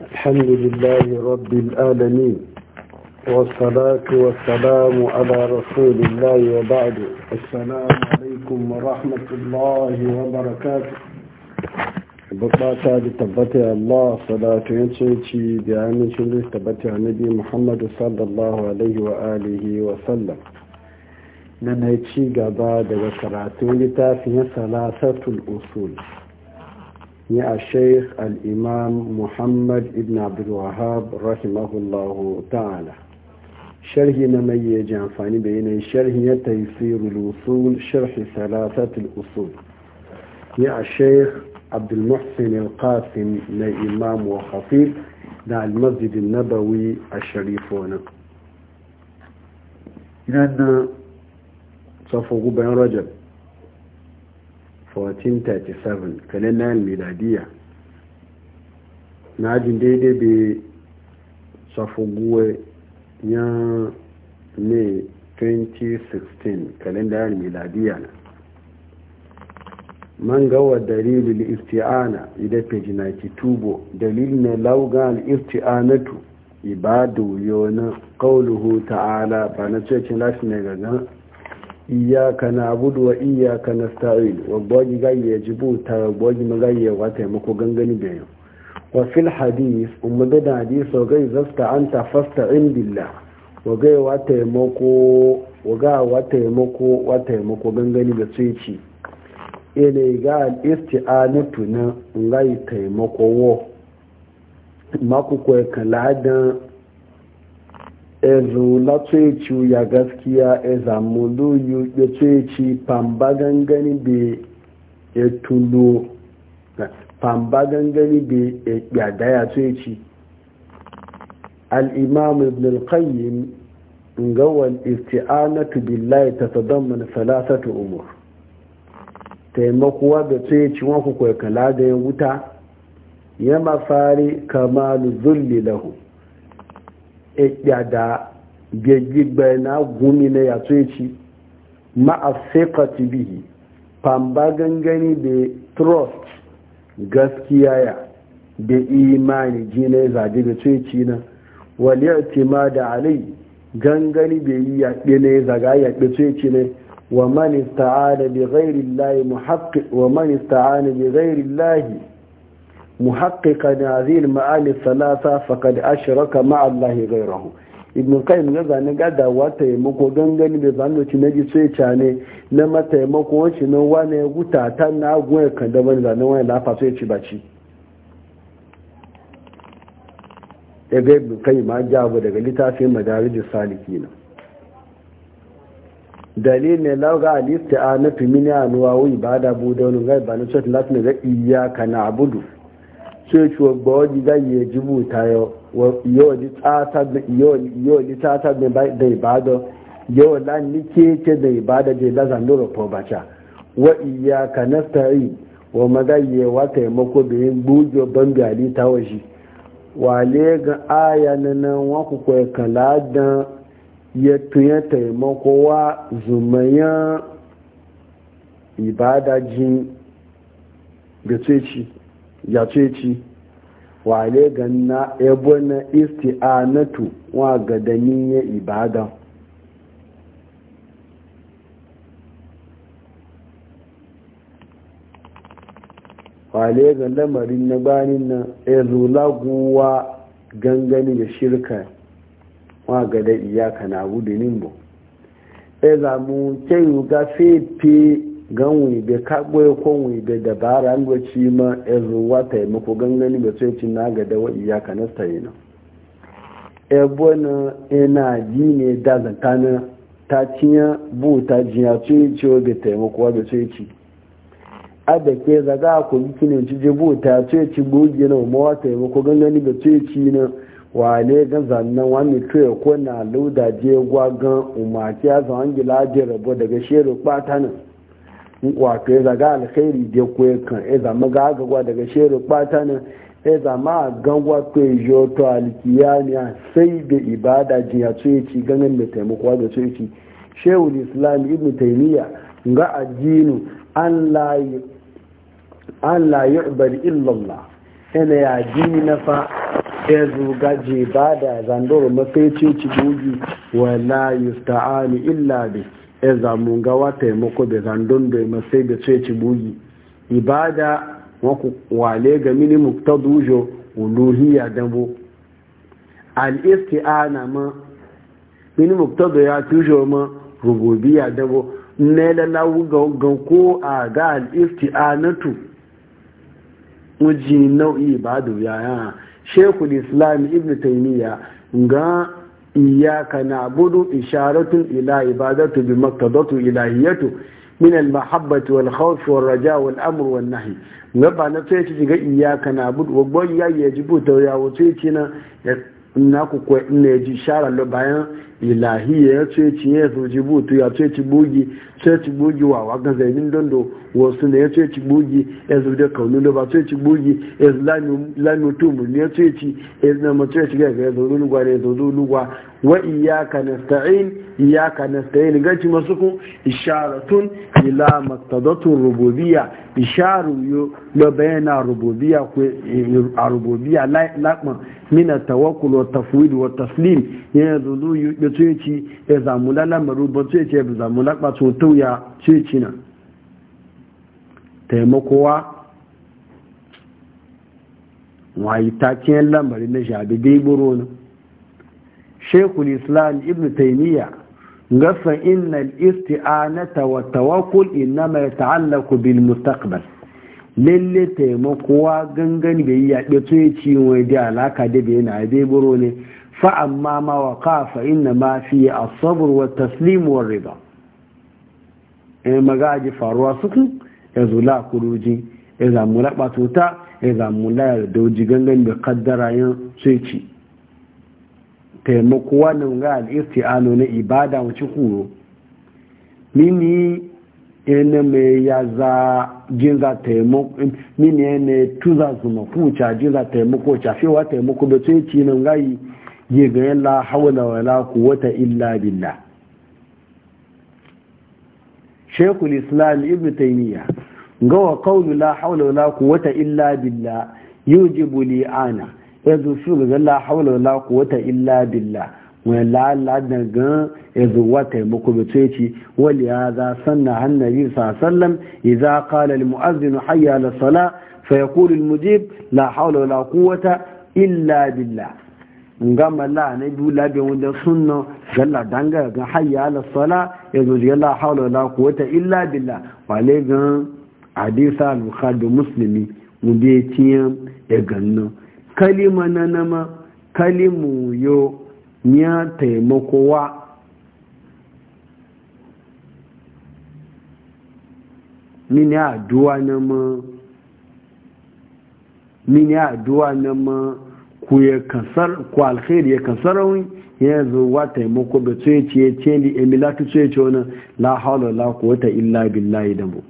الحمد لله رب العالمين والصلاة والسلام على رسول الله وبعد السلام عليكم ورحمة الله وبركاته bukata da Allah salatu ya ce ci da amincin da Muhammadu sallallahu alaihi wa sallam na na ci gaba daga karatun littafin salasatul usul يا الشيخ الإمام محمد ابن عبد الوهاب رحمه الله تعالى شرح نمي جانفاني بين شرح تيسير الوصول شرح ثلاثة الأصول يا الشيخ عبد المحسن القاسم إمام وخطيب دع المسجد النبوي الشريف هنا لأن صفوه بين رجب 1437 kalendayen miladiya na ajin daidai bai safoguwe ya ne 2016 kalendayen miladiya na man gawa dalilin isti'ana idan peji na tubo dalilin na laugan isti'anatu ibadu yau na kauluhu ta'ala ba na cikin lafi ne gagan iyaka na budu wa iyaka na sta'il wa gbogi ya jibu ta gbogi ya wa taimako gangani da yau wa fil hadis umarni da hadisa gai zasta an ta fasta in billah wa gai wa taimako wa ga wa taimako wa taimako gangani da sai ci ene ga isti'anatu na ngai taimako wo maku ko kaladan ezu latsoyaci ya gaskiya e zamu luyu ya tsoyaci famba gangani be ya tulo pamba gangani be ya daya tsoyaci al'imam ibn al-qayyim ngawal isti'anatu billahi ta sadamman salasatu umur taimakuwa da tsoyaci wanku kwaikala da ya wuta ya fari kamalu zulli lahu da gegigbe na gumi na ya ci ma'afikati bihi famba gangani da trust gaskiya ya da imani jina ya zaje da ci na waliyarci ma da alai gangani da yi yaɗe ne zaga yaɗe ci ne wa man bi ghairi muhaqqiq wa man ista'ana bi ghairi llahi muhaqqiqan hadhihi al-ma'ani thalatha faqad ashraka ma'a Allah ghayrahu ibn qayyim ya zane ga da wata yamako gangani da zano ci naji sai cane na mata yamako wacce nan wani ya guta ta na agwai kan da ban zane wani lafa sai ci baci ya ga ibn qayyim an jawo daga littafin madarijus na dalil ne lauga al-isti'anatu min anwa'u ibada budawun ghaiba na sai latin ga na abudu. cewa wa gbawaji yi yi ji tayo yau ni tata da ibada yau la ni keke da ibada da la zandura po bacha wa iyaka nasta'in wa magaye wa taimako da yin ban bangali ta wa wale ga aya na nan wa ku kala da ya tuye taimako wa zumaya ibada jin da ce ya ce ci wale ganna ebo na isti'anatu wa ga gadanin ya ibada wale ga lamarin na banin na ezulaguwa gangani da shirka wa gada iyaka na gudunin bu ezamu kyan ga fefe gan wibe kagbo ko wibe dabara an gwaci ma ezuwa taimako gangani ba sai cin na ga dawa iyaka na sayina ebo na ina ji ne da zantana ta cinya bu ta jiya ce ce ga taimako ba sai ci a da ke zaga ku kine ci je bu ta ce ci goge na ma wa taimako gangani ba sai ci na wale gan zannan wani tuye ko na lauda je gwa gan umarci ya zan gila je rabo daga sheru kwatanin wato ya zaga alkhairi da kuwa kan ya zama gagagwa daga shere kwata nan ya zama gangwa kwa yo to alkiyamiya sai da ibada ji ya ce ci ganin da taimako da ce ci shehu islam ibn taimiyya ga addinu an layi ubari illallah ina ya addini na fa ya zuga je ba da zandoro mafi ci bugi wala ta'ani illa ya zamu gawa taimako bai zandon bai e masai da ce ci bugi ibada waku wale ga mini muktadujo ya dabo al ana ma mini muktado ya tujo ma rububiyya dabo ne lalawu ga ko a ga al tu muji nau'i ibadu ya shekul islam ibn taymiya ga iyaka na budu isharatun ila ibadatu bi maktadatu ilahiyatu min al-mahabbati wal khawf wal raja wal amr wal nahy ngaba na sai ci ga iyaka na budu wa boy ya yajibu to ya wuce ci na kuka ina ji shara da bayan ilahiya ya ce ci ya so ji butu ya ce ci bugi ce ci bugi wa wa ga zainin dondo wasu ne ya ce ci bugi ya zo da kaunu da ba ce ci bugi ya lanu tumu ne ya ce ci ya zama ce ci ga ya zo lugwa ne ya zo lugwa wa iyyaka nasta'in iyyaka nasta'in gaci masuku isharatun ila maqtadatu rububiyya isharu yo ma bayana ku ko rububiyya laqman min at-tawakkul wa tafwid wa taslim ya zuzu yutuci ya e zamula lamaru ba ce ce zamula ba to tuya ce cina taimakowa yi ta cin lamari na shabi dai buru ne shekul islam ibn taimiyya gasa innal isti'anata wa tawakkul innama yata'allaqu bil mustaqbal lalle wa gangan da ya ɗato ya ci wai da alaka da bai na bai buro ne fa amma ma wa kafa inna ma fi asabur wa taslim wa riba eh magaji faruwa suku ya zula kuruji ya zamu raba tuta ya zamu la yarda gangan da kaddara yin sai ci taimako wannan ga al'isti'ano na ibada wacce kuro mini ene me ya za jinza taimako mini ene tuza zuma kuca jinza taimako cafewa taimako da tsaye ci nan gayi yi ga yalla hawla wala wata illa billah shekul islam ibn taimiyya gawa wa qawlu la hawla wala quwwata illa billah yujibu buli ana ya zo shi ga zalla haula la quwwata illa billah wa la la daga ya zo wa taimako bi sai ci wali hadha sanna annabi sallam idza qala al muazzin hayya ala sala fa yaqul al mujib la haula la quwwata illa billah ngama la ne du la bi wanda sunna zalla danga ga hayya ala sala ya zo la haula la quwwata illa billah wa le ga hadisa al bukhari muslimi mu bi tiyan ya e ganno kalima na nama kalimu yo ya taimako wa mini aduwa na ma mini aduwa na ma ku ya kasar ku alkhairi ya kasarawin ya zo wa taimako da tsoye ya? ce ni emilatu tsoye ce wani la haula la quwwata illa billahi da mu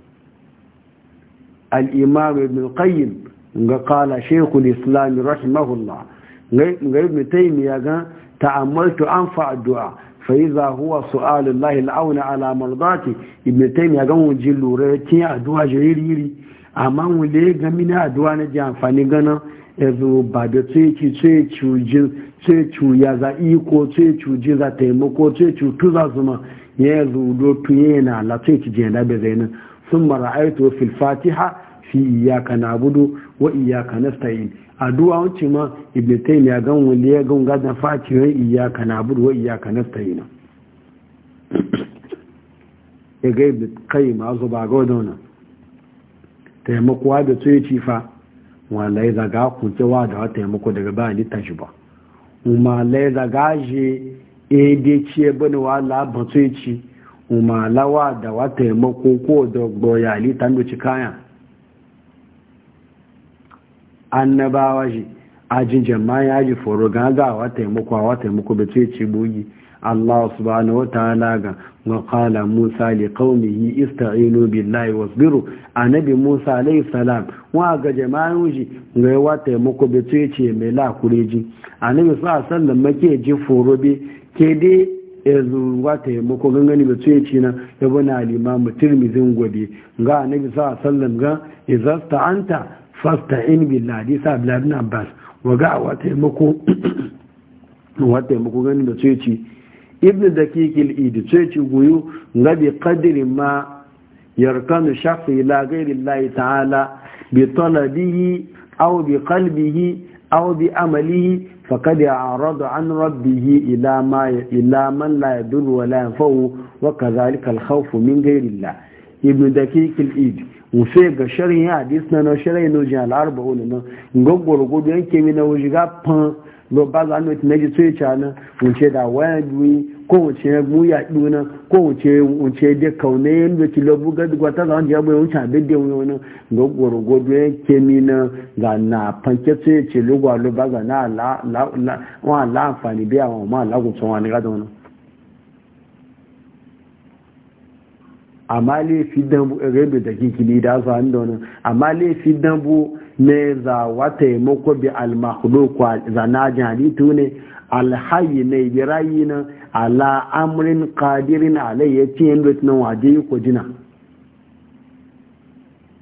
al-imam ibn qayyim ga kala shekul islam rahimahullah ga ibn taymiya ga ta'ammaltu an fa addu'a fa idza huwa su'alullah al'aun ala mardati ibn taymiya ga mun ji lura ki addu'a jiriri amma mu le ga mini addu'a na ji amfani gana ezu ba da tsoyeci tsoyecu ya za iko tsoyecu ji za taimako tsoyecu tu za zuma ya zo do tuye na la da bai zai nan sun mara aito fil fatiha fi iyyaka na'budu wa iyyaka a addu'a wancin ma ibnu taymiya gan ga ya gan gadan faci wa iyyaka na'budu wa iyyaka nasta'in ya ga ibnu qayyim azu ba ga wannan taimako da tsoye ci fa ya zaga kuncewa da taimako daga ba ni tashi ba umalai zaga je ede eh, ciye bane wa labar tsoye ci umalawa da wata taimako ko da gboyali tando ci kayan annabawa shi ajin jama'a ya ji foro gagawa taimako wa taimako da ce ce bugi Allah subhanahu wa ta'ala ga wa qala Musa li qaumihi ista'inu billahi wasbiru annabi Musa alayhi salam wa ga jama'a shi ga wa taimako da ce ce mai la kureji annabi sallallahu alaihi wasallam make ji foro bi ke dai ya zuwa taimako gangani ba ce ce na ya bana limamu tirmizin gobe ga annabi sa sallam ga izasta anta in bi sabila bin abbas waga wa taimako wa taimako gani da ceci ibn dakiqil id ceci guyu bi qadri ma yarkan shakhsi ila ghairi allah ta'ala bi talabihi aw bi qalbihi aw bi amalihi faqad ya'radu an rabbih ila ma ila man la yadur wa la yafu wa kadhalika al min ghairi allah ibn dakiqil id wufe ga shirin ya hadis na na shirin no jin al'arba wani nan ga gwargwado yanke mi na wuji ga pan lo ba za nuna tinaji tsoye ca na wuce da waya duyi ko wuce ya mu ya ɗu na ko wuce wuce da kaune ya da ki lobu ga duk ta zan jiya bai wuce abin da wani wani ga gwargwado yanke mi na ga na panke tsoye ce lugwa lo ba za na la biya wa ma la gutsun wani ga wani. amma laifi dambu eh, rabe da kikili da su hannu da wani amma laifin dan bu ne za wa taimako bi almahudu kwa zana jihaditu ne alhayi ne bi rayi na ala amrin qadirin alai ya ce yin rutunan waje ko jina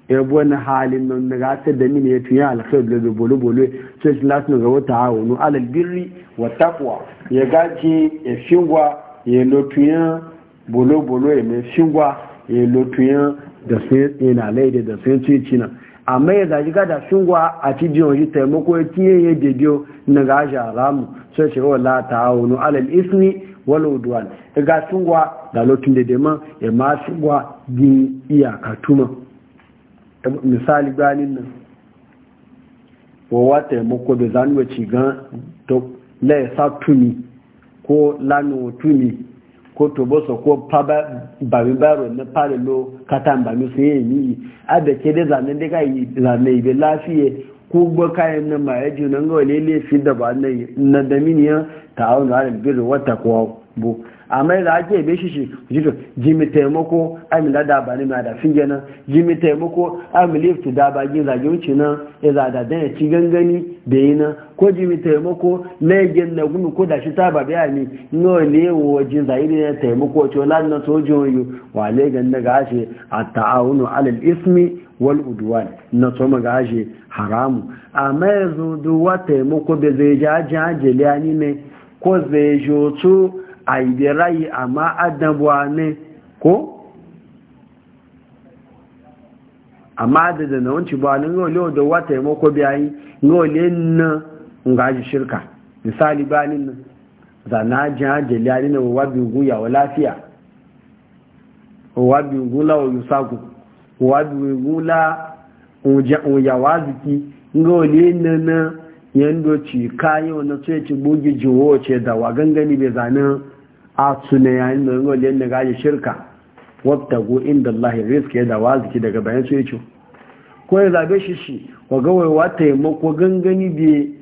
yabo na halin nan da gasar da mini ya tuya alkhair da bolo bolo sai shi lasu ga wata hawunu alal birri wa takwa ya gaji ya shingwa ya lotuya bolo bolo ya mai shingwa ya lotuyan da sun yana laida da sun ce cina amma ya zaji gada sun gwa a ci taimako ya kiye ya dediyo na gashi ramu sai shiga wala ta wani alal isni walau duwan ga sun gwa da lotun da dema ya ma sun gwa din iyaka tuma misali ganin nan wa taimako da zanuwa ci gan ya sa tuni ko lanuwa tuni ko toboso ko bami baro na fara lo katan bami su yi a da ke da zanen da yi zane ibe lafiye ko gba kayan na ma ya junan ga wale laifin da ba na daminiya ta auna harin birin wata kowa bu amma yanzu ake be shi shi jito jimi taimako ami lada ba ne mai da finge jimi taimako ami lift da ba gin zage wuce nan ya zada dan ci gangani da yi nan ko jimi taimako lagin na gumi ko da shi ta ba biya ne no ne wo jin zai ne taimako to lan na to jin wa legan na ga gashi at ta'awunu alal ismi wal udwan na to magashi haramu amma yanzu duwa taimako da zai ja ni ne ko zai jotu àìdẹ̀ráyì àmá rayi amma adabuwa ne ko amma da da na wanci ba ne da wata yi mako biyayi ngole na ngaji shirka misali banin nan zana jiya jeliya ne na wabi lafiya ci kayan wani tsoye bugi jiwo ce da wa gangani bai a tsune yayin da yanzu wajen da gaji shirka wata go inda Allah risk ya da waziki daga bayan su yace ko ya zabe shi shi wa ga wai wata yamako gangani bi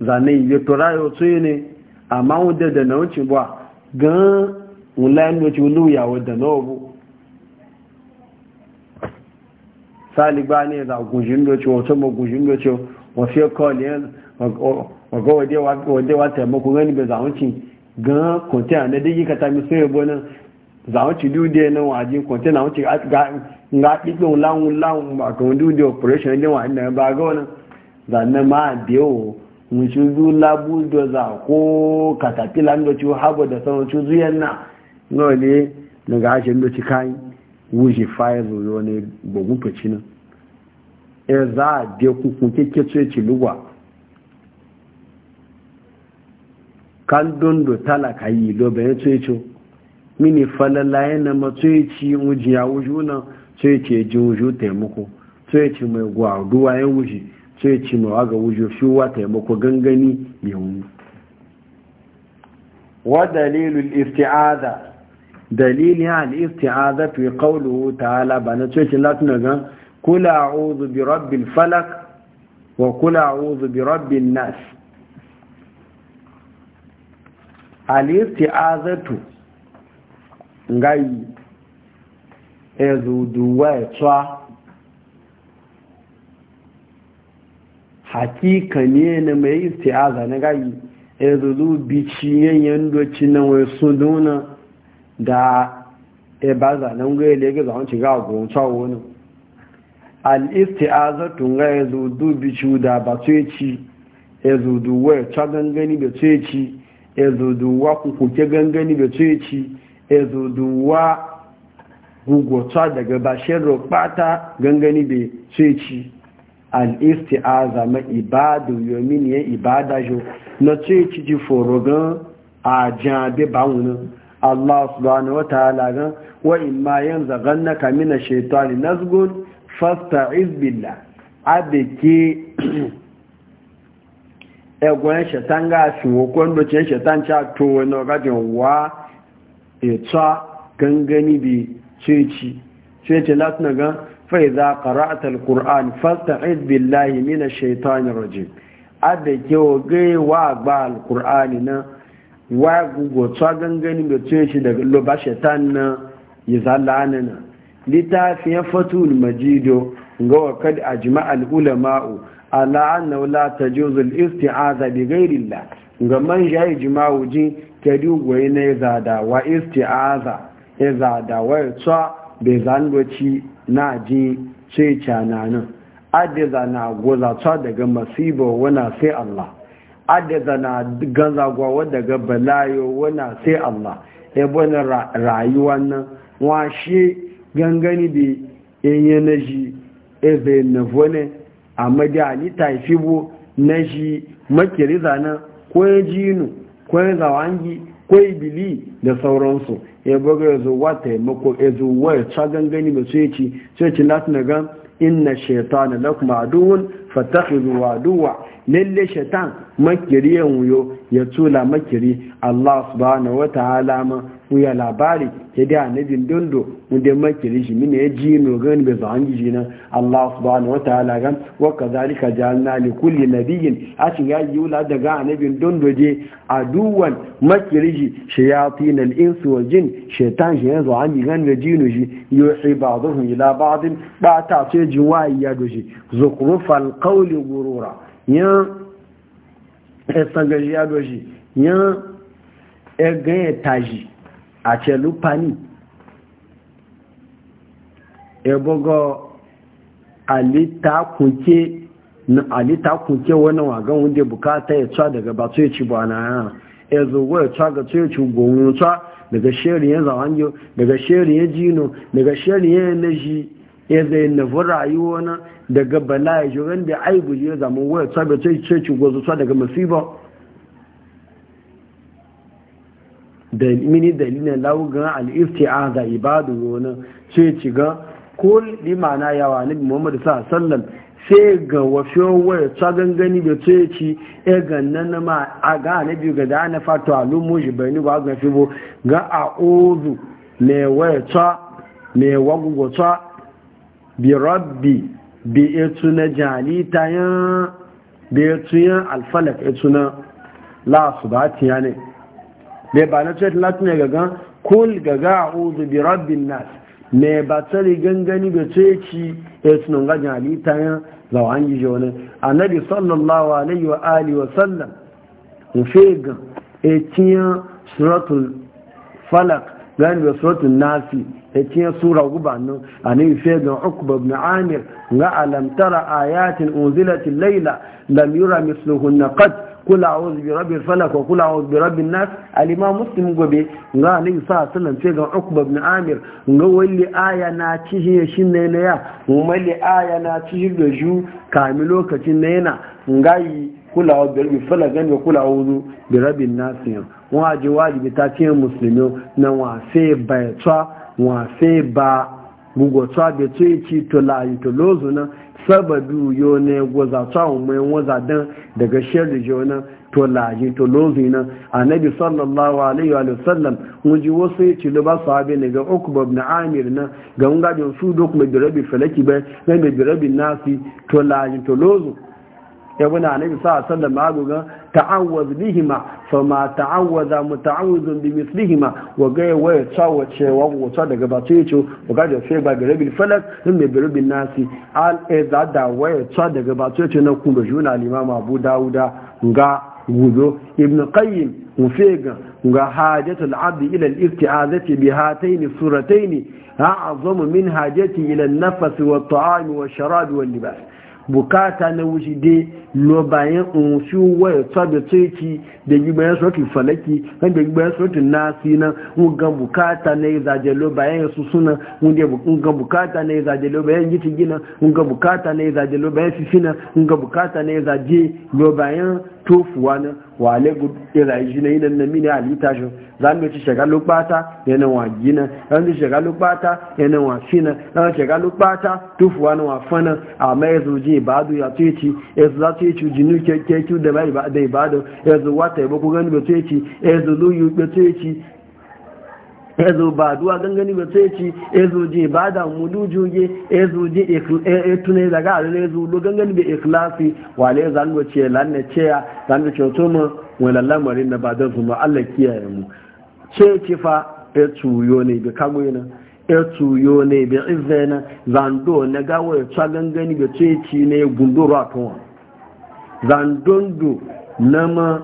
zane ya torayo tsoye ne amma wanda da na wuce ba gan wulayen wuce wuluya wadda na wabu saliba ne za gujin doce wata ma gujin doce wasu ya kawai waga wade wa taimako gani bai zaunci gan kontena na digi ka tami so yabo nan zaunci dude na waje kontena wuce ga ɗiɗin lawun lawun ba ka wani dude operation ɗin wa inda ba ga wani zanne ma da yau mun ci zu labu da za ko da ci habo da ci na na ga ashe ci kayi wuce fayar zuwa ne e za a je kukun kike kan dondo talaka yi lobe ya tsoyeco mini falala yana ma tsoyeci wuji ya wuju nan tsoyeci ji wuju taimako tsoyeci mai gwa duwa ya wuji tsoyeci mai waga wuju fiwa taimako gangani ya wuni wa dalilul isti'aza dalilin al isti'aza fi qawluhu ta'ala bana tsoyeci latin ga kula a'udhu bi rabbil falak wa kula a'udhu bi rabbin nas alistiazatu ngai ezuduwa etwa hakika ne na mai istiaza na gai ezudu bici yanyan doci na wasu duna da ebaza na ngai lege za wancin ga agogon tsawo ne al'istiazatu nga ezudu bici da ba tsoci ezuduwa etwa gangani da tsoci ezoduwa kukuke gangani da ceci ezoduwa gugota daga bashin rokpata gangani da ceci al'isti'aza ma ibadu yomin ya ibada jo na ceci ji forogan a jabe bawunan Allah subhanahu wa ta'ala gan wa ma yanzu gannaka mina shaitani nazgun fasta'iz billah abeke ẹgbọ́n ṣẹ̀tán gáàsì wọ́kọ́ ló ṣe ṣẹ̀tán ṣá tó wọnà ọgájọ wá ètò gangani bí ṣeéṣi ṣeéṣi látìnà gan faiza qara'ata alquran fasta'iz billahi minash shaitani rajim adake oge wa gba alquran na wa gugo tsa gangani bi ṣeéṣi daga lo ba shaitan na yazalana na litafiyan fatul majido ga wa kad ajma al ulama'u ala anna la tajuzu al-isti'aza bi ghayri Allah ga man jayi jima'u ji kadi goyi ne da wa isti'aza e da wa e tsa be zangoci na ji sai nan. adiza na goza tsa daga masibo wana sai Allah adiza na ganza gwawa daga balayo wana sai Allah e bona rayuwa nan wa shi gangani bi in e yanaji eze na vone amma da ta yi fi na shi makiri zana ko ya ji jinu ko ya zawangi ko ya bili da sauransu ya buga ya zuwa taimako ya zuwa ya ca gangani ba su yaci su yaci lati na gan inna shaitan la kuma aduwun fatakhidhu aduwa lalle shaitan makiri ya wuyo ya tula makiri Allah subhanahu wata ma wuya labari ya da annabin dondo wanda da shi mini ya ji no gan be zan ji na Allah subhanahu wa ta'ala gan wa kadhalika ne kulle kulli nabiyyin a cikin ya yi wula daga annabin dondo je A maki da shi ya al insu wal jin shaitan shi yanzu an gan da jinu shi a zuwa yi labarin, ba ta ce jiwayi ya doshi zukrufal qawli gurura ya ya ya doshi ya ya gaya taji a ce lupani ebogo alitakunke wani wagon wunde bukata ya tsa daga ba ya ci ba na yana ya zogo ya tsa ga ya ci gomi tsa daga shirin ya zawangiyo daga shirin ya jino daga shirin ya yanashi ya zai nufi rayuwa na daga bala ya shi wanda aibu ya zama waya tsa ga ya ci gozo tsa daga ba. mini dalilin laugan al ga ibadun wani ce ci ga ko limana yawa nabi bi muhammadu sa wasallam sai ga wafiyon waya ta gangani da ce ci ya e ganna na ma a ga biyu ga da na fata alumu shi bai ni ba ga fibo ga a ozu mai waya ta mai wagugo ta bi rabbi bi etu na jali ta yan bi etu yan alfalak etu na la ba ti yanayi mai ba na ce latin ya gaga kul gaga a'udhu bi rabbin nas mai ba tsari gangani da ceci ci ya e sunan gajin halitta ya zawan yi wani annabi sallallahu alaihi wa alihi wa sallam mu fega etiyan suratul falak gani da suratul nasi etiyan sura gubanin annabi ga ukba ibn amir ga alamtara tara ayatin unzilatil layla lam yura na qad kula a wuzi birabin falaka kula a birabin nas alima muslim gobe nga ga alayhi sa sallam ce ga ukba ibn amir ga wali aya na cihi shi ne na ya mali aya na da shi, ju kami lokacin na yana Nga yi kula a birabin falaka ne kula a wuzi birabin nas waje wajibi ta ce musulmi na wafe bai tsa wafe ba gugotsa da ci to layi to lozu nan sababu yo ne gwaza tsawon mai waza dan daga shirin jo na to layi to lozu nan annabi sallallahu alaihi wa sallam muji wasu ya ci ba sahabi ne ga ukba ibn amir na ga mun su duk mai birabi falaki ba mai birabi nasi to layi to lozu ya wuna na isa a sanda magogon ta'awaz lihima so ma ta'awaz a mutawuzin limit lihima wa ga yi waya cawace wa wata daga ba ce ce wa ga da fiye ba garibin falas in mai garibin nasi al'aiza eh, da waya cawa daga ba yi ce na kuma juna limama abu dawuda ga guzo ibn qayyim mufega ga hajjatul abdi ila al-irtiazati bi hatayn suratayn a'zamu min hajjati ila an-nafs wa at wa ash-sharab wa al-libas bukata na wuce dai lo bayan in shi waya tsabe tsoki da yi gibayen sokin falaki kan da gibayen sokin nasi na ga bukata na yi zaje lo bayan ya susuna ga bukata na yi zaje lo bayan gici gina ga bukata na yi zaje lo bayan fifina ga bukata na yi zaje lo bayan tofuwa na wale irayi shi na yi nan mini alita shi za mu ci shagalu bata yana wa gina an ci shagalu bata yana wa fina an shagalu bata tofuwa na wa fana a mai zuji ibadu ya tuye ci yanzu za tuye ci jinu da ibadu yanzu wata ya baku gani ba tuye ci yanzu luyu ba tuye ezo ba duwa gangani ba sai ci ezo je ba da mudu juge ezo je etune daga alin ezo lo gangani bai ikhlasi wale zan go ce lanne ceya zan go ce to mu wala lamarin da ba da su ma Allah kiyaye mu ce ci fa e tuyo ne bi kago yana e tuyo ne bi izena zan na gawo ya tsa gangani bai sai ci ne gundura to zan na nama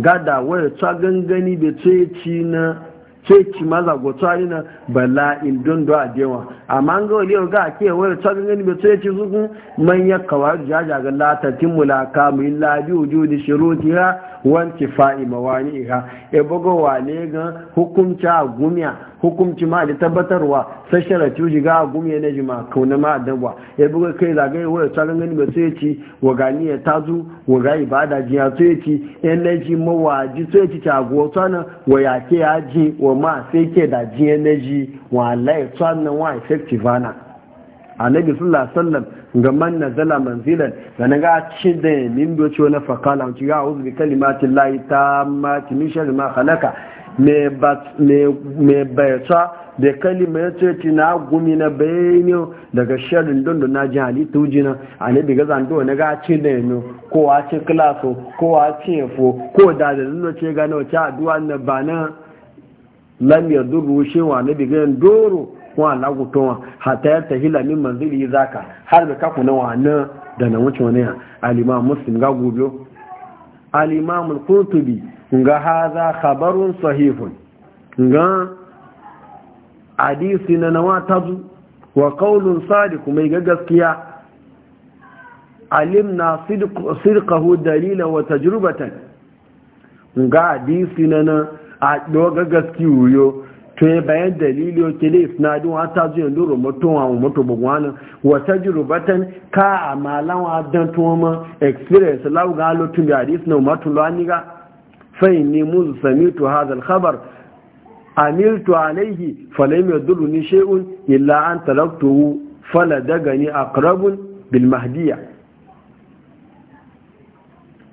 gada waya ta gangani da ceci na ceci maza go ta yi na bala'in don do a jewa amma an ga waliyar ga ke waya ta gangani da ceci zuku manyan kawar jaja ga latatin mulaka mu illa da shiroti ha wa fa'i mawani ha e bugo ne ga hukunta gumiya hukumci ma da tabbatarwa sashara tuji ga gumiye na jima kauna ma adabwa ya buga kai zagaye waya tsarin gani ba sai ci wa gani ya tazu wa ga ibada ji ya sai ci yan naji ji sai ci ta go tsana wa ya ke ya ji wa ma sai ke da ji yan ji wa lai tsana wa effective ana annabi sallallahu alaihi wasallam ga man nazala manzilan ga naga cikin da min bi ciwo na fakala ci ga uzu bi kalimatillahi tamma tammati min sharri ma khalaqa mai da kalima ya ce ci na gumi na daga sharin dundun na ji halitta jina a ne biga zando na ga da yano ko a ce kilaso ko a ce yafo ko da da zan ce gano wace aduwa na ba na lamiyar duru shewa na biga yin doro kuma lagutowa hata ya ta hila min manzili zaka har da kaku na wa na da na wuce wani alima muslim ga gobe al-imam al ga haza khabarun sahihun ga hadisi na nawatazu wa qawlun sadiq mai ga gaskiya na sidqahu dalila wa tajribatan ga hadisi na na a doga gaskiyo to ya bayan dalili o kele isnadin wa ta zuwa luru moto wa mutu bugwanin wata jirubatan ka a malan wa dan ma experience lau ga lotun da hadis na umatu lani ga fai ni muzu sami to hazal khabar amiltu alaihi falam yadurruni shay'un illa an wu fala dagani aqrabun bil bilmahdiya.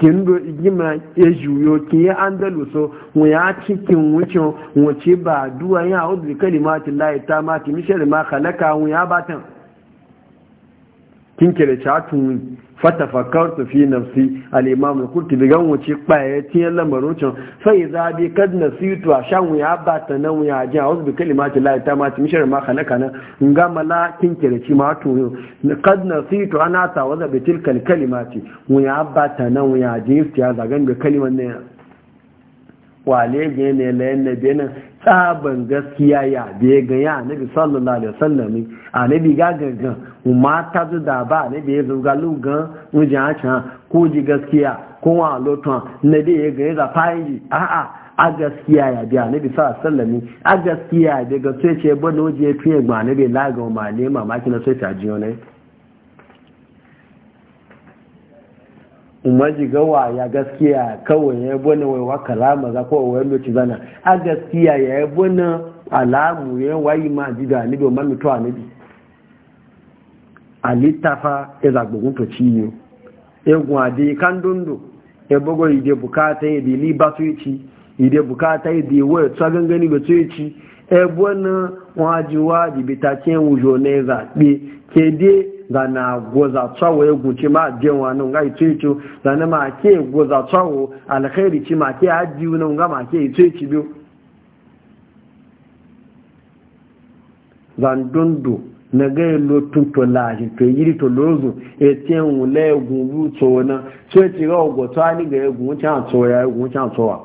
kin do igima eju juyo kin ya andaluso mu ya cikin wucin wuce ba duwa ya udu ta mati mishal ma khalaka mu ya batan kinkire chatun fatafakartu fi nafsi al-imam al bi gan wuce kwaye tiyan lamarin chan fa idza bi kad nasitu ashan ya bata nan ya ji a'udhu bi kalimati la ta ma mishar ma khalaqa na nga mala kinkire ci ma to kad nasitu ana ta waza bi tilka al-kalimati ya bata nan ya ji ya zagan bi kaliman ne wale ne ne la yan nabi nan tsaban gaskiya ya biye ga ya nabi sallallahu alaihi wasallam annabi ga gaga umma ta zu da ba annabi ya zuga lugan mu ji mujin acha ko ji gaskiya ko wa lotan na dai ga ya fayi a a a gaskiya ya biya nabi sallallahu alaihi wasallam a gaskiya daga sai ce bano je fiye ga annabi laga ma ne mamaki na sai ta ji ne umaji gawa ya gaskiya kawai ya yabo na waiwa kalama za kawai ya lokaci zana a gaskiya ya yabo na alamu ya wayi ma ji da anibi o mami to anibi alittafa ya zagbogun to ciyo egun ade kan dondo ya bugo ide bukata ya di liba to ci ide bukata ya di etu tsa gangani ba to ci ebo na wajiwa jibita cin wujo na zaɓe ke dai zana goza tsawo ya guci ma biyan wani ga ito ito zana ma ke goza tsawo alkhairi ci ma ke hajji wani ga ma ke ito ito biyu zandondo na ga lo tunto laji to yiri to lozo e tien wule egun bu to na so ti ga ogo to ani ga egun cha to ya egun cha to wa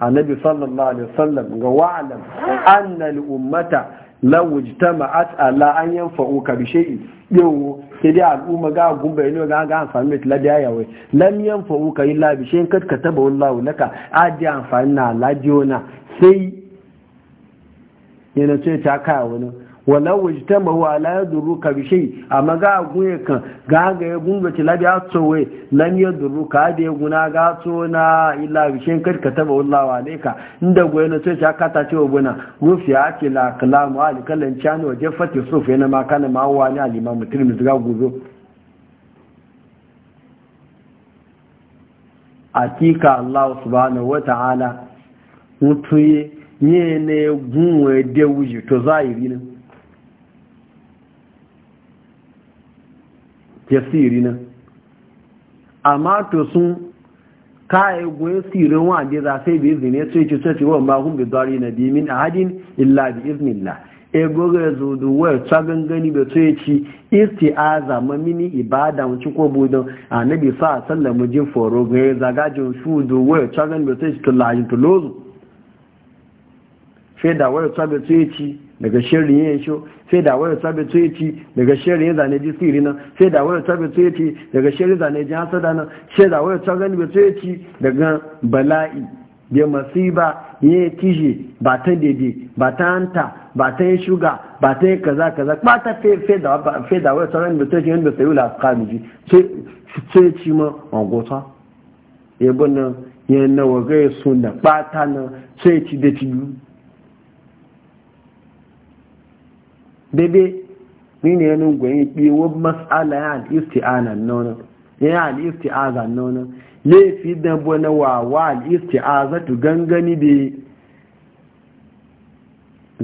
annabi sallallahu alaihi wasallam ga wa'lam anna al ummata lawujta at ala an yan ka bi shay'i yau sai dai al'umma ga gumba ne ga ga amfani mai tiladiya yawai lam yan ka illa bi shay'in kad kataba wallahu laka adi amfani na ladiona sai yana ce ta kai wani walau wajtama wa la yadurruka bi shay amma ga guye kan ga ga ya gunga ci labiya tsowe duru ka da ya guna ga na ila bi shi kar ka taba wa alaika inda goye na sai ka kata wa guna rufi ya ce la kalamu al kallan ne wa fati suf yana ma kana ma wa ni alima mutum mu ga guzo akika Allah subhanahu wa ta'ala mutuye ne ne gunwe da wuji to yi ne yasiri nan amma to sun kaye goye sirin wanda za sai bi izini sai ci sai ci wa ma hun bi dari na bi min a ahadin illa bi iznillah e goga zo du wa ta gangani be sai ci isti'aza ma mini ibada mu ci ko budon annabi sa sallamu jin foro ga zagajin su du wa ta gangani be sai ci to lajin to lozu sai da wa ta be sai ci daga shirin ya yasho sai da wani sabi tsoyaci daga shirin ya zane ji siri nan sai da wani sabi tsoyaci daga shirin zane ji hasada nan sai da wayar sabe gani tsoyaci daga bala'i da masiba ya tije ba ta dede ba ta hanta ba ta yi shuga ba ta yi kaza kaza ba ta fai da wayar sabe tsoyaci yadda sayi la kamiji tsoyaci ma wangota ya gwanan yana wagaye suna ba ta nan tsoyaci da cibi bebe ni ne yanin gwayin ɓewa masala ya al na nono ya al na nono laifi da bane wa wa al'isti'aza tu gangani da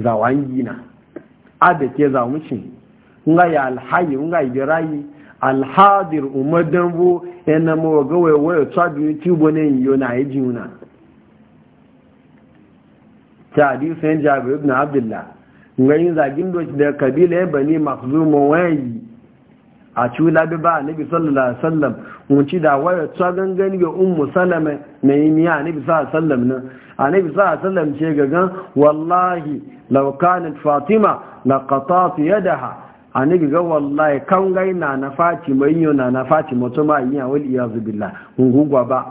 zawangi na abe ke zamucin nga ya alhayi nga ibirayi alhadir umadan bu yana mawa gawai waya tsabi tubo ne yiwu na yi e jiwu na ta hadisun jabi ibn abdullah ngayin zagin doki da kabila ya bani mazuma wayi a cula bi ba nabi sallallahu alaihi wasallam mun ci da waya ta gangan ga ummu salama mai miya nabi sallallahu alaihi wasallam nan annabi sallallahu alaihi wasallam ce ga gan wallahi law kanat fatima la qatat yadaha annabi ga wallahi kan gai na na fatima yin na na fatima to ma yin wal ya billah mun gugwa ba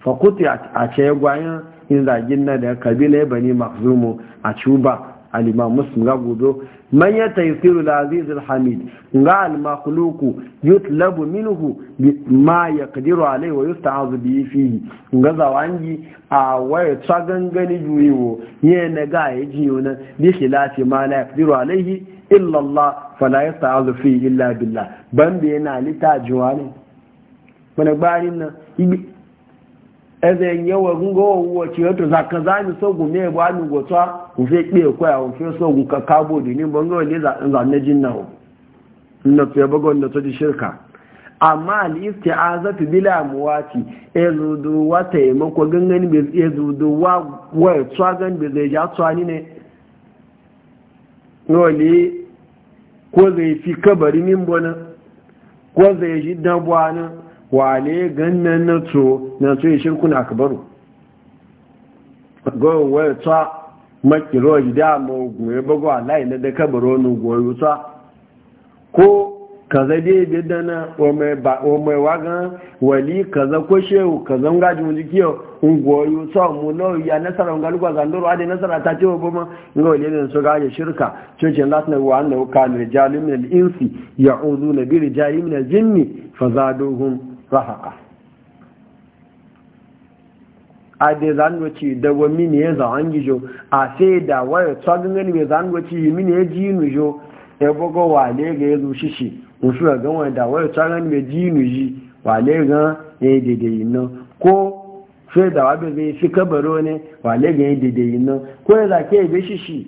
fa kuti a ce gwayan in zagin na da kabila ya bani mazuma a cuba al'imam muslim ga gudo man ya tayfiru da aziz hamid ga al yutlabu minhu ma yaqdiru alayhi wa yusta'azu bihi fihi ga zawangi a waya tsagangani yuyiwo ya na ga yaji na. bi lati ma la yaqdiru alayhi illa Allah fala yasta'azu fihi illa billah ban na yana litajuwa ne gbarin nan nye ẹzẹ̀ yẹn wọ̀ ń gọ́ owó ọ̀tí ọ̀tọ̀ zakazani sógun ní ẹ̀bọ̀ ànúgọ̀tọ́ kò fẹ́ pé ẹ̀kọ́ àwọn fẹ́ sógun kankan bòdì ní bọ́ngọ́ na ìlànẹ́jì Na to tó ẹbọ́gọ́ nínú tó di shirka. amma al'isti a zafi bila muwaci ya zudu wa taimako gangan ya zudu wa waya tsuwa gan da zai ja tsuwa ni ne wale ko zai fi kabari min bonin ko zai ji dabuwa wale gannan na to na to yi shirkun akabaru gowar ta makiro gida ma goye bago alayi na da kabaro na goyo ta ko kaza dai bidda na omai wagan wali kaza ko shehu kaza ngaji mun jikiyo ngoyo ta mu no ya nasara ngalugwa zandoro ade nasara ta ce obama ngo wali ne so gaje shirka cece last na wa annahu kana rijalun min al-insi na bi rijalin min al-jinni fazaduhum sahaka a da zanwaci da wa mini ya zawon gijo a sai da waya tsogon gani mai zanwaci yi mini ya ji nujo ya bugo wale ga ya zuci shi musu ga gawa da waya tsogon mai ji nuji wale ga ya yi daidai nan ko sai da wabe zai fi kabaro ne wale ga ya yi daidai nan ko ya zake ya bi shi shi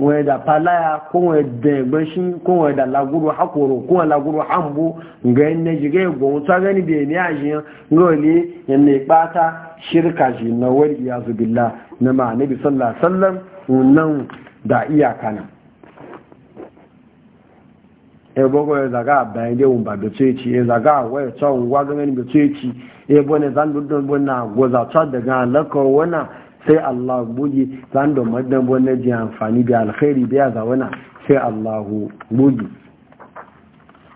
wọ́n da palaya ko wọ́n da gbashin ko wọ́n da laguru hakoro ko wọ́n laguru ga yin na jiga ya gani bai ni a jiyan nga wani yan na ikpata shirka shi na wani ya zubilla na ma nabi sallah sallam nan da iyaka na e ya zaga bayan da ba da ya zaga ya tsawon wa gangani da tsoyici ya bane daga sai Allah bugi zan da madan wannan ji amfani da alkhairi da ya zawana sai Allah bugi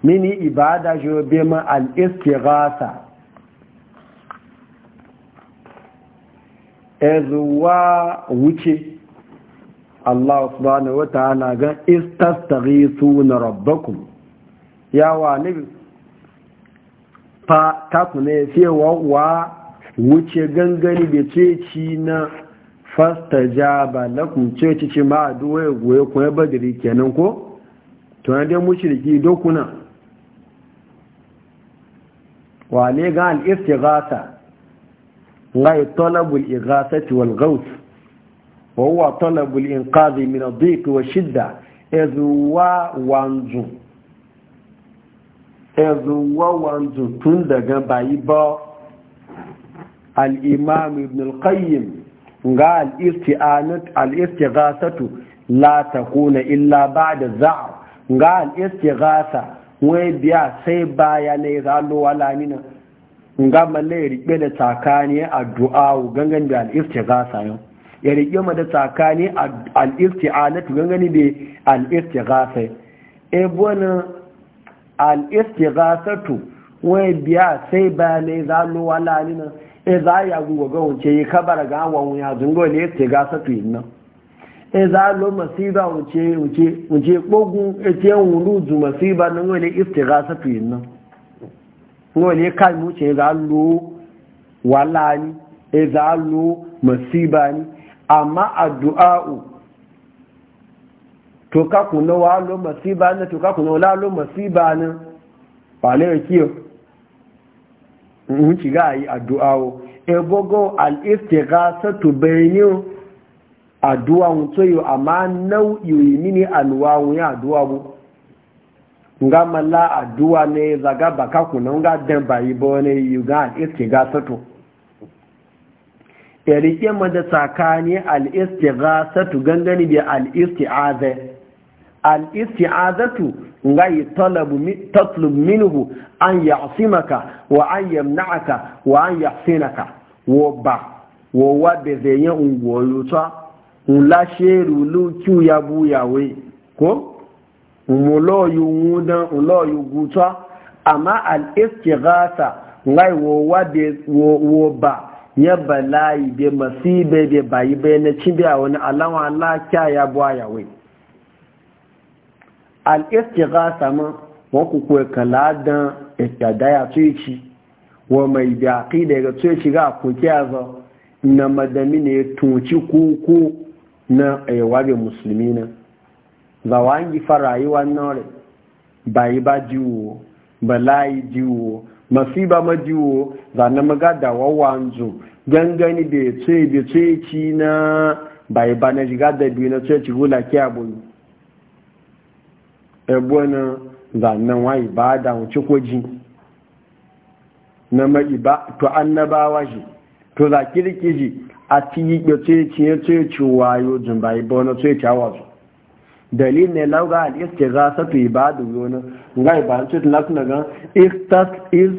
mini ibada shi be ma al istighasa ezuwa wuce Allah subhanahu wa ta'ala ga na rabbakum yawa ne fa ta ne fiye wa wuce gangani da ceci na fasta ja ba na ceci ce ma a duwa goye kuma ya badiri kenan ko to na dai mushriki dokuna ne ga al-istighatha ngai talabul ighathati wal ghawth wa huwa talabul in min ad-dhiq wa shidda ezuwa wanzu ezuwa wanzu tun daga bayi ba الإمام ابن القيم قال ga al'irtigasatu la ta kuna illa ba da za'a ga al'irtigasa wai biya sai baya ne zalowa lamina ga da tsakani addu'a gangan da al'irtigasa yau ya riƙe ma da tsakani al'irti'anatu gangani da al'irtigasa ebonu al'irtigasatu wai biya sai baya ne wala lamina e za ya guwa ga wuce yi kabar ga wa wuya zungo ne te ga sato yin nan e za lo masiba wuce wuce wuce kogun e wulu zu masiba nan wani ga sato yin nan wani kai mu ce za lo wala ni e za lo masiba ni amma addu'a'u to ka kuna wa lo masiba ne to ka kuna wala lo masiba ne ba ne kiyo wuce ga a yi addu'awo ebogo al'iftighasatu bayni addu'a mutu yo amma nau'i mini alwawu ya addu'a bu nga mala addu'a ne zaga baka kuna nga dan bayi bo ne yuga al'iftighasatu erike mada tsakani al'iftighasatu gangani bi al'ifti'aza al'ifti'azatu ngai talabu tatlub minhu an ya'simaka wa an yamna'aka wa an yahsinaka wo ba wo wa de zeyen ungo yuta ula sheru lu kyu ya bu yawe ko umulo yu nguda ulo yu guta amma al istighatha ngai wo wa de wo ba ya bala'i be masibe be bayi be na cibiya wani alawa ala kya ya bu yawe al'istighasa ma waku kuwa kaladan ya tuci wa mai biyaƙi daga tuci ga kuke yazo na madami ne tunci kuku na aiwabe musulmi na wangi farayuwa nore bayi ba jiwo balayi jiwo masiba ma jiwo zane magada wawanzu gangani da ya ce ci na bayi ba na shiga da biyu na ci gula kiyabu ebo na zannan wa ibada wuce koji na ma iba to annabawa shi to za kirki shi a ti yi ce ce ce ce wayo jin ba ibo na ce ce awa su dalil ne lauga al istighatha to ibadu yona nga ba ce na kuna ga istas is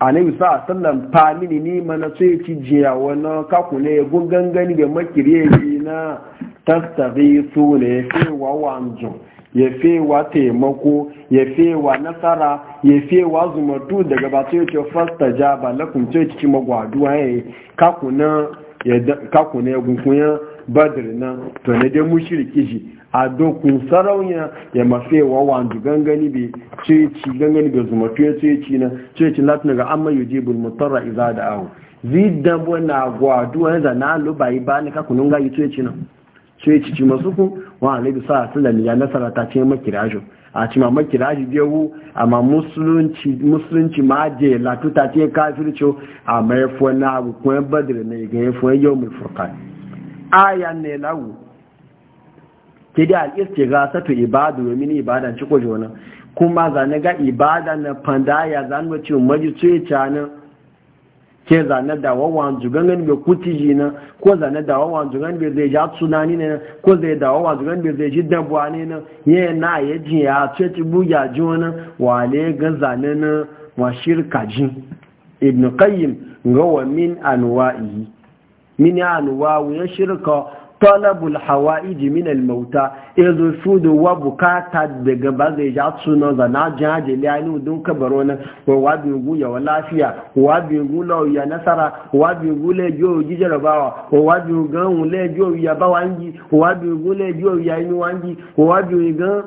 bisa a sallan famini ni mana so ya ci jiya wani kaku ne gun gangani ga makire na tattabi su ne fi wawan jun ya fewa taimako ya fewa nasara ya fewa zumatu daga ba sai ce fasta ja ba lakum ce cikin magwaduwa ya yi kakuna ya gunkunya badir na to na dai mu shirki shi a dokun sarauniya ya wa wanzu gangani bi ce ci gangani bi zumatu ya ce ci na ce ci latin ga amma yujibul mutarra iza da a zidan na gwaduwa ya zana lubayi ba ni kakunun ga yi ce ci na ce ci ci masu ku wa alaihi sallallahu ya nasara ta ce makirajo a ci ma makiraji biyu amma musulunci musulunci ma je la ta ce kafirci a mai fona abu kuma na ne ga fona yau mai furqan aya ne lawu ke da al ga sato ibadu min ibadan ci ko jona kuma zane ga ibada na pandaya zan wace maji ce canan ke zane da wawan jugangan bai kutiji na ko zane da wawan zugan bai zai ja tsunani ne ko zai da wawan zugan bai zai ji dabuwa ne na ye na ya ji ya ce ci buya ji wani wale ga zane na wa shirka ji ibn qayyim ga wa min anwa'i min anwa'u ya shirka talabul hawa'iji min al-mauta yazo su da wa bukata daga ba zai ja suna zana na jaje lani dun kabaro na wa wa bi ya wa lafiya wa bi gu ya nasara wa bi gu le jo ji jarabawa wa wa bi gan le jo ya bawangi wa bi gu le jo ya ni wangi wa bi gan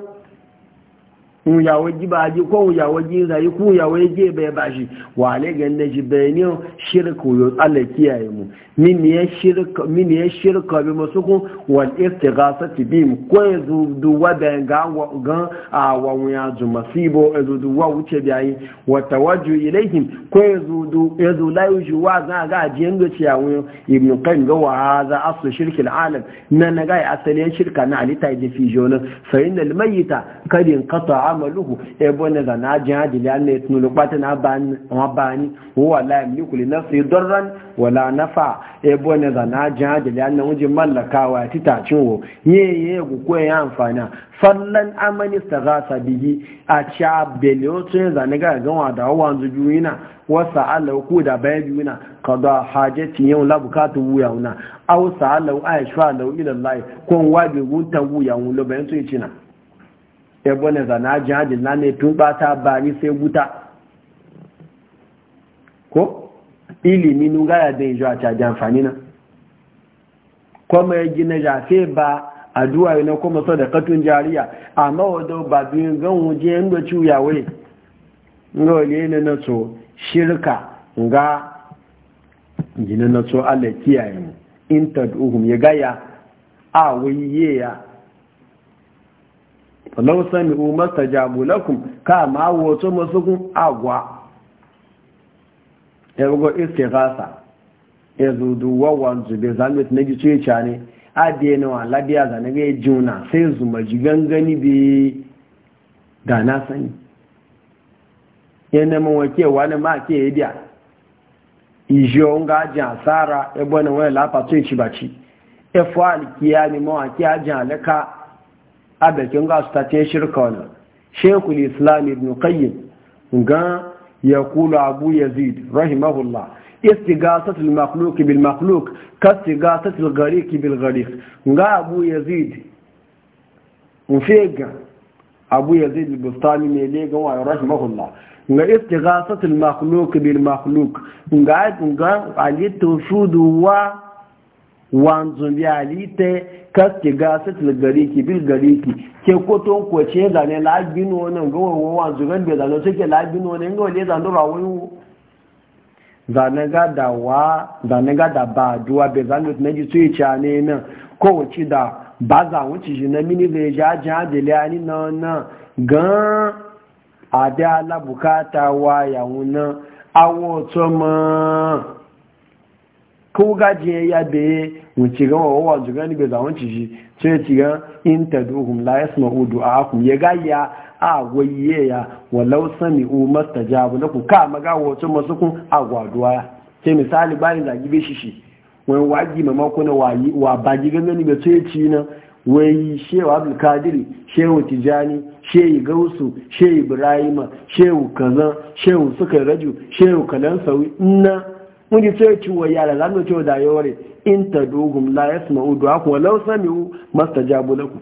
ba ji ko wuyawa gizayi ko wuyawa ya bai wa wale ga na ji ne shirku yo Allah kiyaye mu min ne shirka min ne shirka bi musuku wal istighasati bi mu. ko yanzu du da ga ga a wa ya ju masibo du wa wuce bi ayi wa tawajju ilaihim ko yanzu du yanzu la yuju wa za ga ji ga ci awu ibn qayyim ga wa za asu shirki al alam nan ga asalin shirka na ta ji fi jona fa innal mayyita kadin qata'a amaluhu ebo ne da na jin ajili an ne tunu lokpata na ban wa bani huwa la yamliku li nafsi darran wala nafa ebo ne da na jin ajili an mallaka wa tita cinwo ye ye ku ko ya amfana fallan amani staghasa bihi a cha belio tun da ne ga ganwa da wanzu juyina wasa alau ku da bayan juyina kada hajati yau la bukatu wuya una aw sa alau aishwa alau ila allah kon wabi gunta wuya un lo bayan tun cina ebe na zana jihajin na ne bata bari sai wuta ko ilimi nuga ya bai a caji amfani na kuma ya gina fi ba addu'a yana kuma sadakatun jariya amma wadda ba biyun gan je yadda ciwuya wai na ne na so shirka ga gina na so Allah kiyaye mu in tad'uhum ya gaya a wayiye ya lau sami umar ta jabulakun ka ma wato masu kun agwa ya bugo iske gasa ya zudu wawan zube zamit na gice ca ne adiye na wa labiya zane ga juna sai zuma ji gangani bi da na sani yana mawake wani ma ke yi iji ijiyo nga aji asara ebe wani wani lafa tsoye ci baci efu alikiya ne mawake aji alaka abekin ga su tace shirka wannan shekul islam ibn qayyim ga ya kula abu yazid rahimahullah istigasat al-makhluq bil makhluq ka istigasat al-ghariq bil ghariq ga abu yazid mufega abu yazid al-bustani ne le ga rahimahullah ga istigasat al-makhluq bil makhluq ga ga alitu wa wanzu biyalite kaske gasatul gariki bil gariki ke koton kwace zane lagino nan ga wa wanzu gan bai zane suke lagino nan ga wale zane rawayo zane ga da wa zane ga da ba duwa bai zane na ji su yi na nan ci da ba za wuce shi na mini zai ja ji hajjali ani na nan gan a da ala bukata wa yawun nan awo tsoma ko gajiye ya da ya wuce wa wawa juga ni bai zawon ciji ce ci ga in ta duhum la yasma udu a akum ya gayya a waye ya walau sami u mastajabu na ku ka maga wato masu kun agwaduwa ce misali bayan gibe bai shi wani wagi mamako na wayi wa baji gangani ga ce ci na wai shehu abdulkadiri shehu tijani shehu gausu shehu ibrahima shehu kaza shehu suka raju shehu kalansawi na ji sai wa yara zamu mu ciwo da yawari in ta dogun la ya suma udu haku law sami'u mastajabu lakum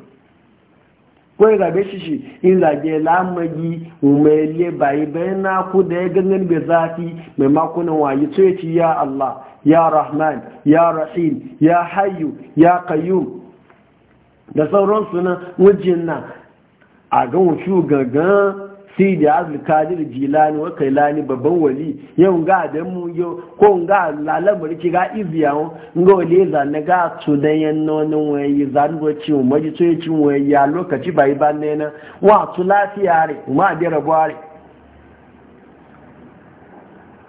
ko ya zabe shi shi in zage lamagi umele bai bayan na ku da ya gangan bai zafi mai makunan wayi sai ci ya Allah ya Rahman ya Rahim ya Hayyu ya Qayyum da sauransu na wajen na a ga wucu gangan sai da azul kadir jilani wa kailani babban wali yau ga da mu yau ko ga lalamar ki ga iziya ngo wali za na ga to da yan nonon wayi zan go ci mu maji to ci mu ya lokaci bai ban ne na wa to lafiya re ma da rabare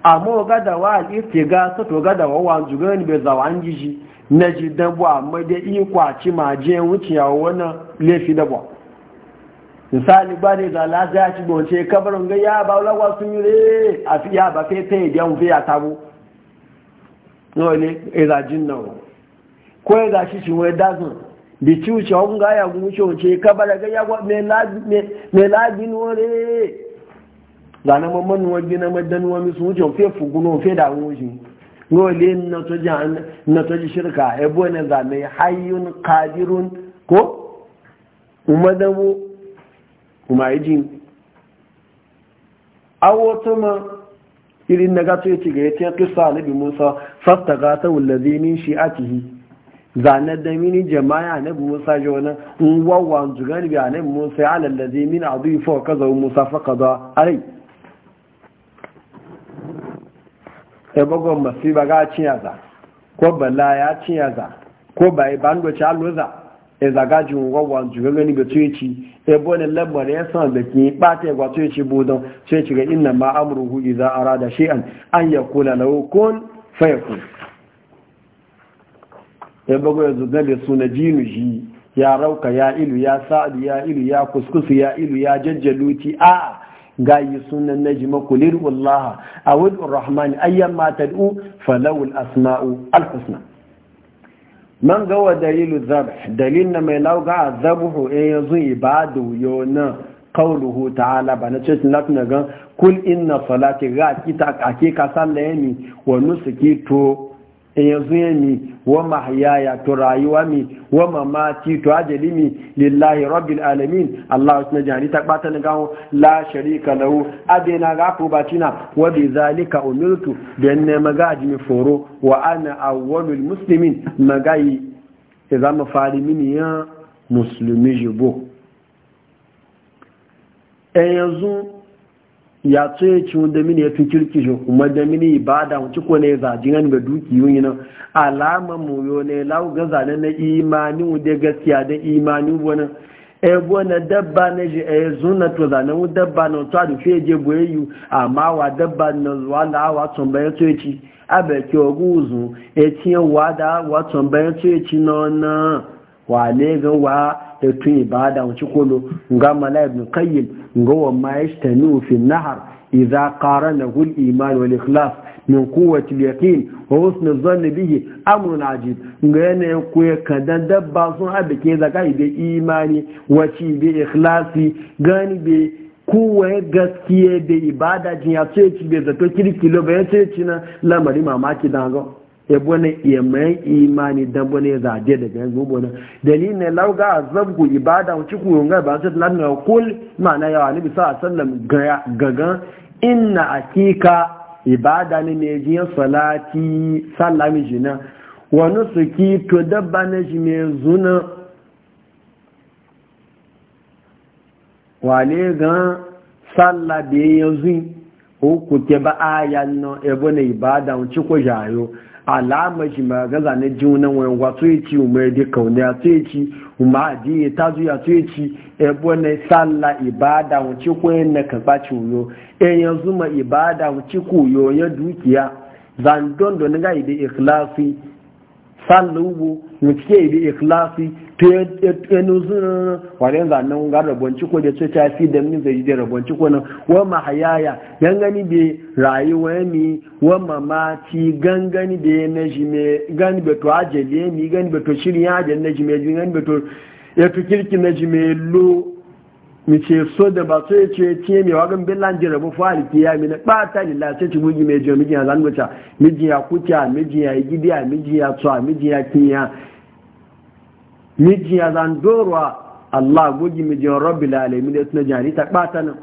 amma ga da wa al-iftiga to ga da wa wan jugani bai zawan jiji na ji dabwa amma ma je maje wuciya wannan lefi dabwa misali ba ne da lati ya ci bonce kabarin ga ya ba lagwa sun yi re a fi ya ba fe ta idan fi a tabo no ne irajin e nan ko ya e ga shi shinwai dazun bi ci wuce hon ga ya gumu ce wuce kabar ga ya gwa me labi nore zane mamman nuwa gina madan nuwa misu wuce fe fuguno fe da wuce no le na toji shirka ebo ne zame hayyun kadirun ko umadamu kuma yi jin awoto ma irin na gato ya ci ga ya ce kisa nabi musa fasta gata wulazi min shi'atihi zanen da mini jama'a na musa ji wani wawan zugan bi a nabi musa ya alallazi min abu yi fawa kaza musa fa kaza arai e ya bago masu ba ga ciyaza ko bala ya ciyaza ko bai e bangoci aluza ezagajin wawan jugan gani ga tuyeci ebo ne lamar ya san da ke bata ga tuyeci ga inna ma amruhu ara da shay'an an yakuna lahu kun fayakun ebo ga zuga da suna jinu ji ya rauka ya ilu ya sa'adu ya ilu ya kuskusu ya ilu ya jajjaluti a gayi sunan najma kulir wallaha awud arrahman ayyamma tad'u falawul asma'u alhusna man gawa dalilu zabh dalil na mai lauga zabhu in yanzu ibadu yona qawluhu ta'ala bana ce na lafi gan kul inna salati ga kita ake ka sallaya ni wa nusuki to yanzu ya mi wa mahyaya to rayuwa mi wa mamati to ajali mi lillahi rabbil alamin Allah suna jani ta bata na gawo la sharika lahu adina ga ku batina wa bi zalika umirtu da ne magaji mi foro wa ana awwalul muslimin magai ya zama fari mini ya muslimi jibo yanzu ya tsaye ci wanda mini ya fi kirki shi kuma da mini da wuce ko ne zaji gani ga dukiyoyi yi nan alama muyo ne lawo ga zane na imani wanda gaskiya da imani wani ebo na dabba na shi a yanzu na to zane mu dabba na to da fiye je boye yi amma wa dabba na zuwa da awa tun bayan tsaye ci abeki ogun uzu e etiyan wa da awa tun bayan tsaye ci na wa ne ga wa da tu ibada wuce kolo ga mala ibn qayyim ga wa ma ta fi nahar idza qaranahu hul iman wal ikhlas min quwwati al yaqin wa husn al dhann bihi amrun ajib ga yanayin ku ka dabba sun abike zakai da imani wace bi ikhlasi gani bi ya gaskiye da ibada jin ya ce ci bai zato kirkilo bai ya ce ci na lamari mamaki dangon ya bane ya mai imani dan bane za de daga yanzu bane dalilin ne lauga azabku ibada a cikin yunga ba su lan na kul ma'ana ya nabi sallallahu alaihi wasallam gaga inna akika ibada ne ne jiya salati sallami jina su ki to dabba na shi mai zuna wale ga salla da yanzu ko ku ke ba ayan no ya bane ibada a cikin yayo alamar shi ma gaza na junan wani wato ya ci umar da kauna ya to ci umar ji ya ta zuya to ya ci ebo na salla ibada wuce ko yin na karɓa ci wuyo e yanzu ma ibada wuce ko yo dukiya zandon da ga gaide ikhlasi mutike bi ikhlasi to yanu zuna wani zanen ga rabonci da ce ta fi da min zai da rabon ciko nan wa mahayaya gangani bi rayuwa mi wa mamaci gangani bi na jime gani bi to ajele mi gani bi to shirya ajele na jime gani bi to ya to kirki na jime lo mi ce so da ba so ya ce ce mai wagan billan jira bu fa alki ya mi na bata lillah sai ci bugi mai jiya miji ya zan wuce miji ya kuta miji ya gidiya miji ya tsuwa miji kiya kinya miji ya zan dorwa Allah gogi miji rabbil alamin da suna jani ta bata nan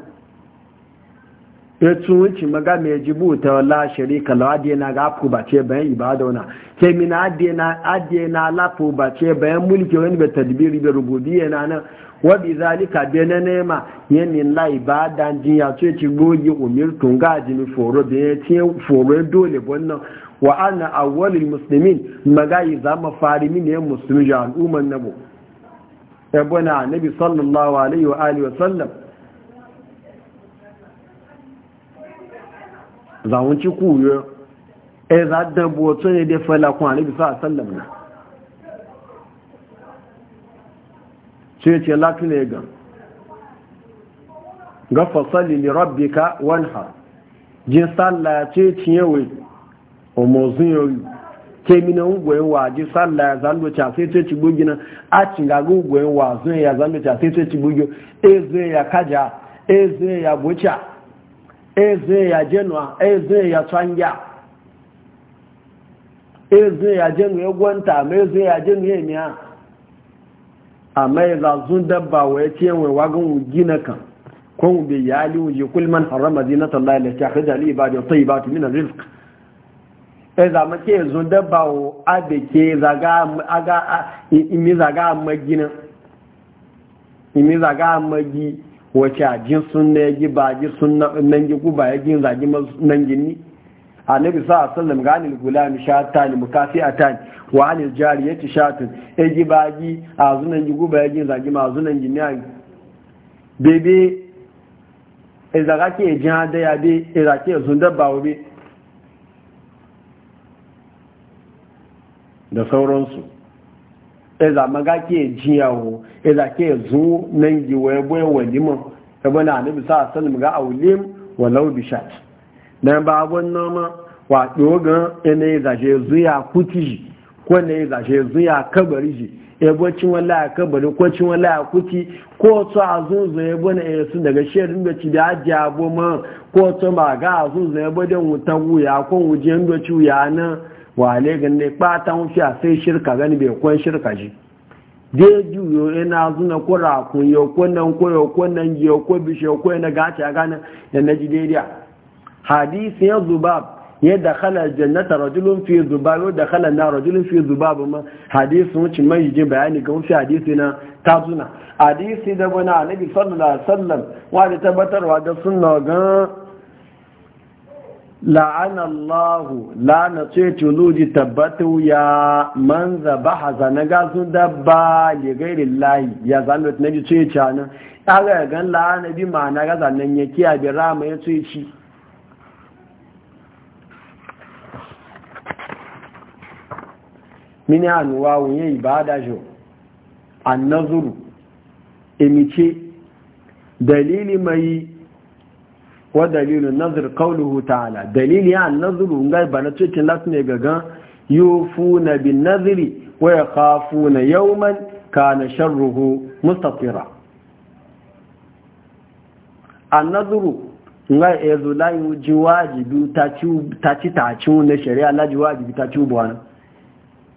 ya tsunci maga mai jibu ta la sharika la adiyana ga ku ba ce bayan ibada wana ke min adiyana adiyana la ku ba ce bayan mulki wani ba tadbiri da rububiyya na nan wa bi zalika bi na nema yanin la ibada jin ya ce ci goyi umirtun ga jini foro da ya ce foro dole wannan wa ana awwalul muslimin maga yi zama fari min ne muslimin ja al'umman nabu ebona nabi sallallahu alaihi wa alihi wa sallam zawon ci kuyo e za da boto ne da fala kun annabi sa sallam na sai ce latin ne ga ga fasali li rabbika wanha jin salla ce ciyewe o mozun ke mi na ngwe wa ji salla ya zando a sai ce ci na a cin ga ngwe wa zun ya zando a sai ce ci gugyo e ya kaja e zun ya bucha eze ya jenua eze ya tswanya eze ya jenu ya gwanta ma eze ya jenu ya miya amma ya zun dabba wa ya ce wai wagon na kan kun bi yi ali yi kul man harama zinata Allah la da li ibadi tayyibati min rizq e za ma ke zo dabba wo abe ke zaga aga imi zaga magina imi zaga magi wace a jin sunna ya gi ba ji sunna nan ku ba ya gi zagi nan a nabi sa a sallam ga anil gulami a mukafi ni wa anil sha shatun ya gi ba ji a zunan ku guba ya gi zagi ma zunan gini a bebe zaga ke jin hada ya be izaga ke sun dabba wa be da sauransu eza maga ke wo eza ke zu nan ji waye boye walima ebe na anabi sa sallam ga aulim walau bi shat na ba abun noma wa dogan ina eza je zuya kuti ko ne eza je zuya kabari ji ebo cin wala kabari ko cin wala kuti ko to azuzu ebo na esu daga sherin da ci da abo ma ko to maga azuzu ebo da wuta wuya ko wujen da ci wuya na wale gan ne ɓata wuce a sai shirka gani bai kwan shirka shi dai juyo yana zuna ko rakun yau ko nan ko yau ko nan yau ko bishe ko yana gace a gane da na ji daidai hadisi ya zubab ya da kala jannata rajulun fi zubab ya da kala na rajulun fi zubab ma hadisi wuce mai jin bayani ga wuce hadisi na zuna hadisi da bana annabi sallallahu alaihi wasallam wani tabbatarwa da sunna ga la'anallahu lana ce tuluji tabbatu ya man zabaha zana gasu dabba li gairi lahi ya zanu na ji ce ce nan aga gan la'ana bi ma'ana ga zannan ya kiya bi rama ya ce ci mini anuwa wunye ibada jo annazuru emice dalili mai wa dalilun nazar qawluhu ta'ala dalili ya nazaru ngai bana cikin latin ne gaga yufuna bin nazri wa yakhafuna yawman kana sharruhu mustatira annazuru nga ezo layu ci taci taci na shari'a la jiwajibi taci buwana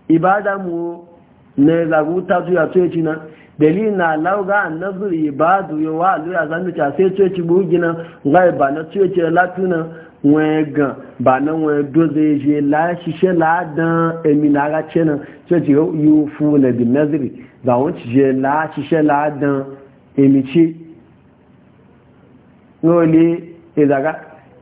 ibada mu ne zagu ta zuya tuye ci na dalil na lauga annazur ibadu yawa lura zan ta sai ce ci bugina ngai ba na ce ce latuna wega ba na we doze je la shishe la dan emina ga cena ce ci yu fu na bin nazri da won ci je la shishe la dan emici nole ezaga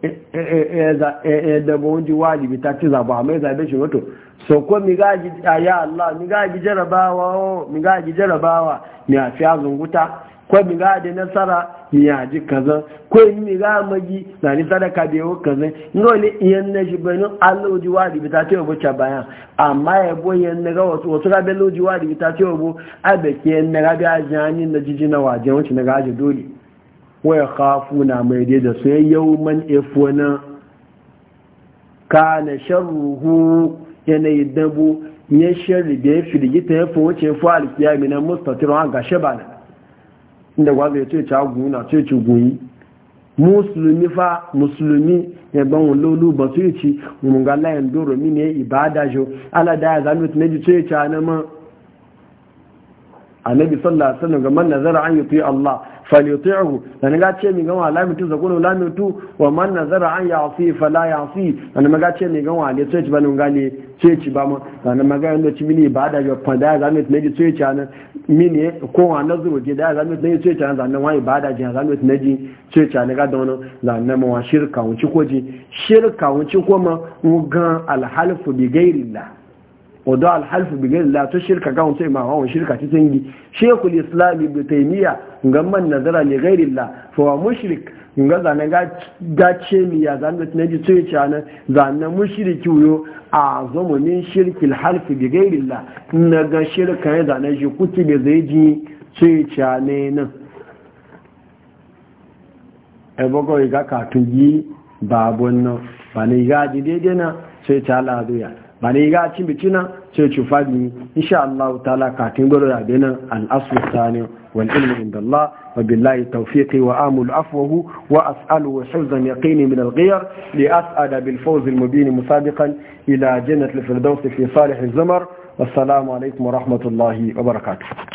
e e e e da bon ji wajibi ta ci zaba mai zabe shi wato so ko mi ya Allah mi jarabawa o mi jarabawa mi a fiya zunguta ko mi gaji nasara mi a kaza kwa mi magi na ni sadaka ya o kaza no ne iyan na ji bani Allah ji wadi bi obo bayan amma ya bo yan na ga wasu wasu ga bello ji wadi obo abe ke ga ga jani na jiji na waje na mai yanayi dabu ya sharri da ya firgita ya fi wuce fi alkiya minan mustatirwa ga shaba na inda gwaza ya ce ci aguna ce ci goyi musulmi fa musulmi ya ban lulu ba su yi ci mun ga layin doro mini ya ibada jo ala da ya zanu tunaji ce ci anama annabi sallallahu alaihi wasallam ga man nazara an yuti Allah falyuti'hu dan ga ce mi ga wala mutu tu wala mutu tu wa man nazara an ya'si fala ya'si dan ga ce mi ga wala ce ci ba nun gale ce ci ba mu dan ma ga yanda ci mini ibada ga fada ga ne ne ce ci an mini ko wa nazuru je da ga ne ne ce ci an dan wa ibada ji ga ne ne ji ce ci an ga don dan ma wa shirka wuci ko ji shirka wuci ko ma mu ga alhalfu bi ghairillah wadda alhalfi bigin la to shirka ga wancan ma shirka ta tangi shekul islam ibn taymiya ngamman nazara li ghairi la fa wa mushrik ga zane ga gace mi ya zan da tunaji tsoye ci ana zane mushriki wuyo a zamanin min shirkil halfi bi ghairi la na ga shirka ya zane shi kuti da zai ji tsoye ci ana nan ga ka tuji babon nan ba ne ga ji daidai na sai ta lazuya bani ga cin biki ce insha Allah ta'ala kafin goro da al asr sani wal ilmu inda Allah wa billahi tawfiqi wa amul afwahu wa as'alu wa hizan yaqini min al ghayr li as'ada bil fawz al-mubin musabiqan ila jannat al-firdaws fi salih al-zamar wassalamu alaykum wa rahmatullahi wa barakatuh